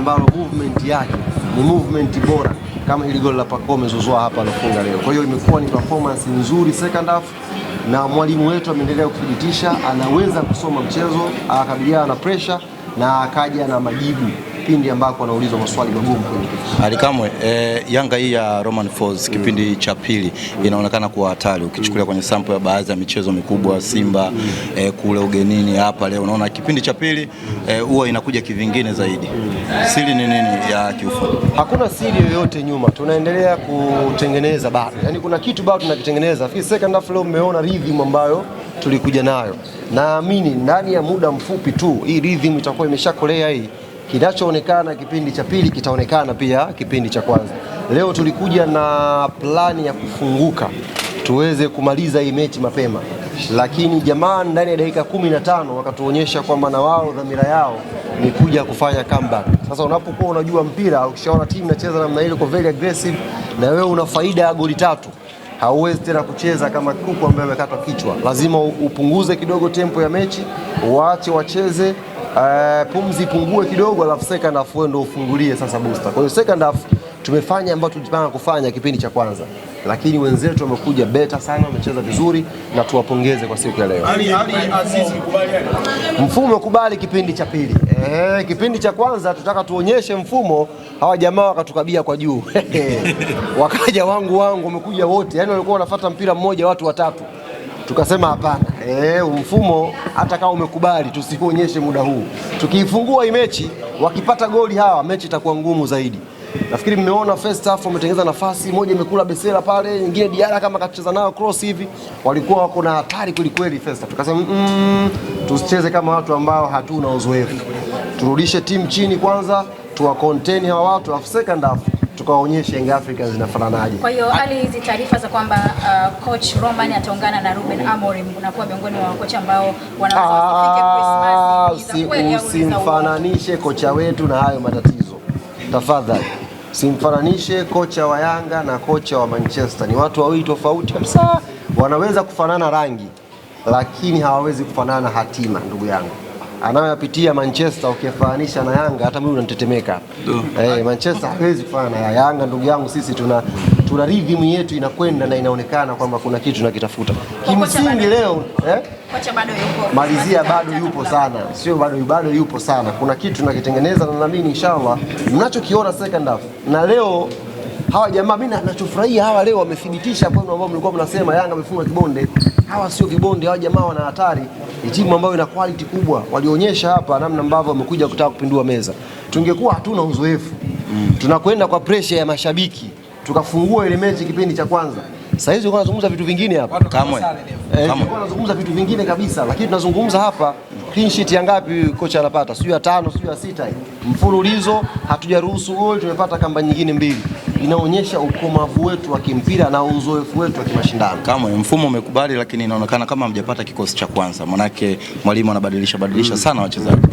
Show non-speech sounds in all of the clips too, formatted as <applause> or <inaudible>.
ambalo movement yake ni movement bora kama hili goli la Pacome Zouzoua hapa alofunga leo. Kwa hiyo imekuwa ni performance nzuri second half, na mwalimu wetu ameendelea kuthibitisha anaweza kusoma mchezo, akabiliana na pressure na akaja na majibu pindi ambako anaulizwa maswali magumu Alikamwe. E, eh, Yanga hii ya Roman Falls mm. kipindi mm. cha pili inaonekana kuwa hatari ukichukulia mm. kwenye sampo ya baadhi ya michezo mikubwa Simba mm. e, kule ugenini hapa leo unaona kipindi cha pili eh, huwa e, inakuja kivingine zaidi mm. siri ni nini ya kiufundi? Hakuna siri yoyote nyuma, tunaendelea kutengeneza bado, yaani kuna kitu bado tunakitengeneza. Second half leo mmeona rhythm ambayo tulikuja nayo. Naamini ndani ya muda mfupi tu hii rhythm itakuwa imeshakolea hii. Kinachoonekana kipindi cha pili kitaonekana pia kipindi cha kwanza. Leo tulikuja na plani ya kufunguka tuweze kumaliza hii mechi mapema, lakini jamaa ndani ya dakika kumi na tano wakatuonyesha kwamba na wao dhamira yao ni kuja kufanya comeback. Sasa unapokuwa unajua mpira, ukishaona timu inacheza namna ile kwa very aggressive, na wewe una faida ya goli tatu hauwezi tena kucheza kama kuku ambaye amekatwa kichwa. Lazima upunguze kidogo tempo ya mechi, waache wacheze, uh, pumzi ipungue kidogo, alafu second half wewe ndio ufungulie sasa booster. Kwa hiyo second half tumefanya ambayo tulipanga kufanya kipindi cha kwanza, lakini wenzetu wamekuja beta sana, wamecheza vizuri na tuwapongeze kwa siku ya leo. Mfumo umekubali kipindi cha pili Eh, kipindi cha kwanza tutaka tuonyeshe mfumo, hawa jamaa wakatukabia kwa juu <laughs> wakaja wangu wangu, wamekuja wote, yaani walikuwa wanafuata mpira mmoja watu watatu. Tukasema hapana, eh, mfumo hata kama umekubali tusikuonyeshe muda huu. Tukiifungua hii mechi wakipata goli hawa, mechi itakuwa ngumu zaidi. Nafikiri mmeona first half wametengeneza nafasi moja, imekula Besela pale, nyingine Diara kama kacheza nayo cross hivi, walikuwa wako na hatari kweli kweli first half. Tukasema mm, tusicheze kama watu ambao hatuna uzoefu turudishe timu chini kwanza, tuwa contain hawa watu, afu second half tukawaonyesha Young Africans zinafananaje. Kwa hiyo hali hizi taarifa za kwamba uh, coach Roman ataungana na Ruben Amorim unakuwa miongoni mwa kocha ambao wanaweza ah, Christmas. Usimfananishe kocha wetu na hayo matatizo tafadhali. Simfananishe kocha wa Yanga na kocha wa Manchester, ni watu wawili tofauti kabisa. Wanaweza kufanana rangi, lakini hawawezi kufanana hatima, ndugu yangu anayoyapitia Manchester ukifananisha na Yanga, hata mimi unanitetemeka. Eh, Manchester hawezi kufana na Yanga, ndugu yangu. Sisi tuna tuna rhythm yetu inakwenda na inaonekana kwamba kuna kitu tunakitafuta kimsingi leo eh? Kocha bado yupo. Malizia bado yupo sana, sio bado bado yupo sana. Kuna kitu tunakitengeneza na naamini inshallah mnachokiona second half na leo hawa jamaa, mimi nachofurahia hawa leo wamethibitisha kwa ambao mlikuwa mnasema Yanga amefunga kibonde. Hawa sio vibonde, hawa jamaa wana hatari. Ni timu ambayo ina quality kubwa, walionyesha hapa namna ambavyo wamekuja kutaka kupindua meza. Tungekuwa hatuna uzoefu mm, tunakwenda kwa pressure ya mashabiki, tukafungua ile mechi kipindi cha kwanza. Sasa hizi tunazungumza vitu vingine hapa, kamwe eh, tunazungumza vitu vingine kabisa, lakini tunazungumza hapa clean sheet ya ngapi kocha anapata? Sio ya tano, sio ya sita mfululizo, hatujaruhusu goli, tumepata kamba nyingine mbili inaonyesha ukomavu wetu wa kimpira na uzoefu wetu wa kimashindano. Kama mfumo umekubali, lakini inaonekana kama hamjapata kikosi cha kwanza, manake mwalimu anabadilisha badilisha mm. sana wachezaji.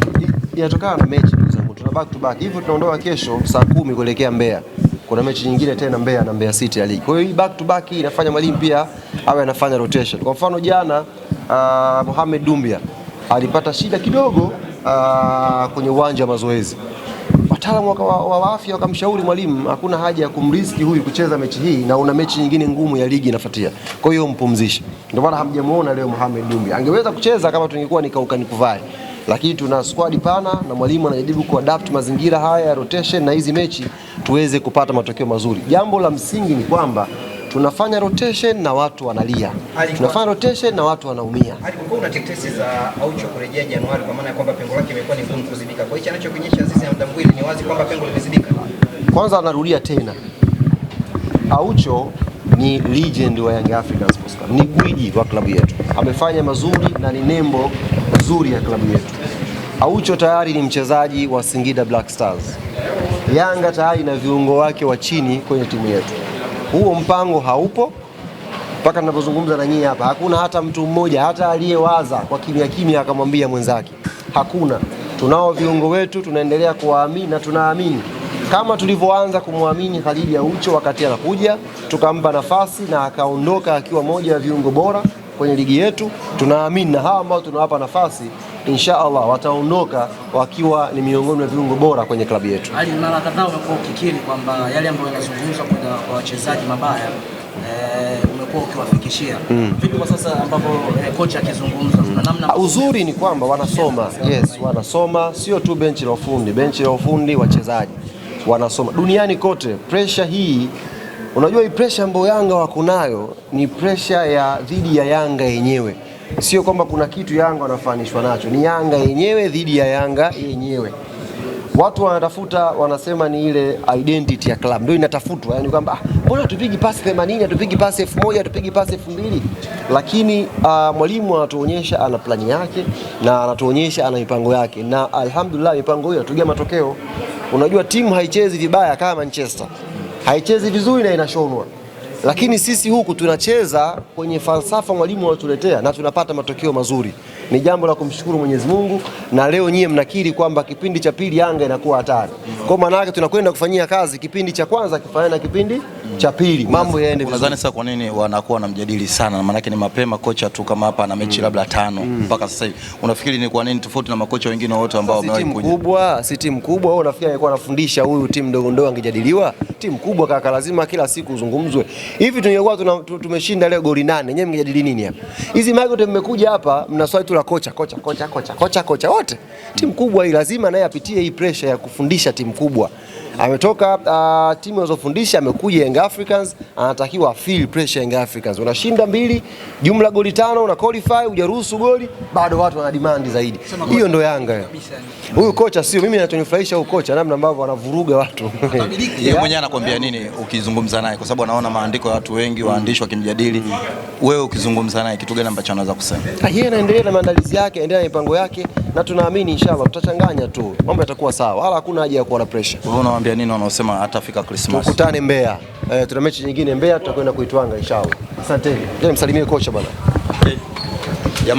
Inatokana na mechi tuna back to back hivyo, tunaondoka kesho saa kumi kuelekea Mbeya, kuna mechi nyingine tena Mbeya na Mbeya City ya ligi. Kwa hiyo hii back to back inafanya mwalimu pia awe anafanya rotation. Kwa mfano jana, uh, Mohamed Dumbia alipata shida kidogo uh, kwenye uwanja wa mazoezi wataalamu wa, wa afya wakamshauri mwalimu, hakuna haja ya kumriski huyu kucheza mechi hii, na una mechi nyingine ngumu ya ligi inafuatia, kwa hiyo mpumzishe. Ndio maana hamjamuona leo Mohamed Dumbi, Angeweza kucheza kama tungekuwa ni kaukani nikuvai, lakini tuna squad pana na mwalimu anajaribu kuadapt mazingira haya ya rotation na hizi mechi tuweze kupata matokeo mazuri. Jambo la msingi ni kwamba tunafanya rotation na watu wanalia, tunafanya rotation na watu wanaumia. Alikuwa una tetesi za Aucho kurejea Januari, kwa maana ya kwamba pengo lake imekuwa ni ngumu kuzibika. Kwa hiyo anachokionyesha sisi mtambuli wazi kwamba pengo limezidika? Kwanza anarudia tena, Aucho ni legend wa Young Africans Sports Club, ni gwiji wa klabu yetu, amefanya mazuri na ni nembo nzuri ya klabu yetu. Aucho tayari ni mchezaji wa Singida Black Stars. Yanga tayari na viungo wake wa chini kwenye timu yetu. Huo mpango haupo mpaka ninapozungumza na nyinyi hapa, hakuna hata mtu mmoja hata aliyewaza kwa kimya kimya akamwambia mwenzake, hakuna. Tunao viungo wetu, tunaendelea kuwaamini na tunaamini kama tulivyoanza kumwamini Khalid Aucho wakati anakuja, tukampa nafasi na akaondoka akiwa moja ya viungo bora kwenye ligi yetu. Tunaamini na hawa ambao tunawapa nafasi insha Allah wataondoka wakiwa ni miongoni mwa viungo bora kwenye klabu yetu. Hadi mara kadhaa umekuwa ukikiri kwamba yale ambayo yanazungumzwa kwa wachezaji mabaya eh, utakuwa ukiwafikishia mm. Vipi kwa sasa ambapo eh, kocha akizungumza mm. namna... Ah, uzuri ni kwamba wanasoma yes, wanasoma sio tu benchi la ufundi, benchi la ufundi wachezaji wanasoma duniani kote. Presha hii unajua, hii presha ambayo Yanga wako nayo ni presha ya dhidi ya Yanga yenyewe, sio kwamba kuna kitu Yanga wanafanishwa nacho, ni Yanga yenyewe dhidi ya Yanga yenyewe watu wanatafuta wanasema ni ile identity ya club ndio inatafutwa, yani kwamba ah, mbona tupigi pasi 80 atupigi pasi 1000 atupigi pasi 2000, lakini uh, mwalimu anatuonyesha ana plani yake na anatuonyesha ana mipango yake, na alhamdulillah mipango hiyo inatugia matokeo. Unajua timu haichezi vibaya kama Manchester, haichezi vizuri na inashonwa lakini sisi huku tunacheza kwenye falsafa mwalimu anatuletea na tunapata matokeo mazuri ni jambo la kumshukuru Mwenyezi Mungu, na leo nyie mnakiri kwamba kipindi cha pili Yanga inakuwa hatari. Kwa maana yake tunakwenda kufanyia kazi kipindi cha kwanza kifanya na kipindi cha pili, mambo yaende vizuri. Nadhani sasa kwa nini wanakuwa wanamjadili sana, maana yake ni mapema kocha tu kama hapa ana mechi mm. labda tano mm. mpaka sasa hivi. Unafikiri ni kwa nini tofauti na makocha wengine wote ambao wamewahi kuja? Timu kubwa, si timu kubwa. Wewe unafikiri alikuwa anafundisha huyu timu ndogo ndogo angejadiliwa? Timu kubwa kaka, lazima kila siku uzungumzwe. Hivi tunyokuwa tumeshinda leo goli nane, nyewe mngejadili nini hapa? Hizi mmekuja hapa mnaswali tu la kocha kocha kocha kocha kocha kocha wote. Timu kubwa hii lazima naye apitie hii pressure ya kufundisha timu kubwa ametoka uh, timu anazofundisha amekuja Young Africans, anatakiwa feel pressure Young Africans. Unashinda mbili jumla goli tano, una qualify, hujaruhusu goli, bado watu wana demand zaidi. Hiyo ndo Yanga. Huyu kocha sio mimi, ninachonifurahisha huyu kocha, namna ambavyo anavuruga watu yeye mwenyewe anakuambia nini ukizungumza naye, kwa sababu anaona maandiko ya watu wengi waandishi wakimjadili. Wewe ukizungumza naye, kitu gani ambacho anaweza kusema? Ah, yeye anaendelea na maandalizi yake, endelea na mipango yake na tunaamini inshallah tutachanganya tu, mambo yatakuwa sawa, wala hakuna haja ya kuwa na pressure. Wewe unawaambia nini wanaosema atafika Christmas? Tukutane Mbeya. Eh, tuna mechi nyingine Mbeya, tutakwenda kuitwanga inshallah. asanteni Je, msalimie kocha bwana.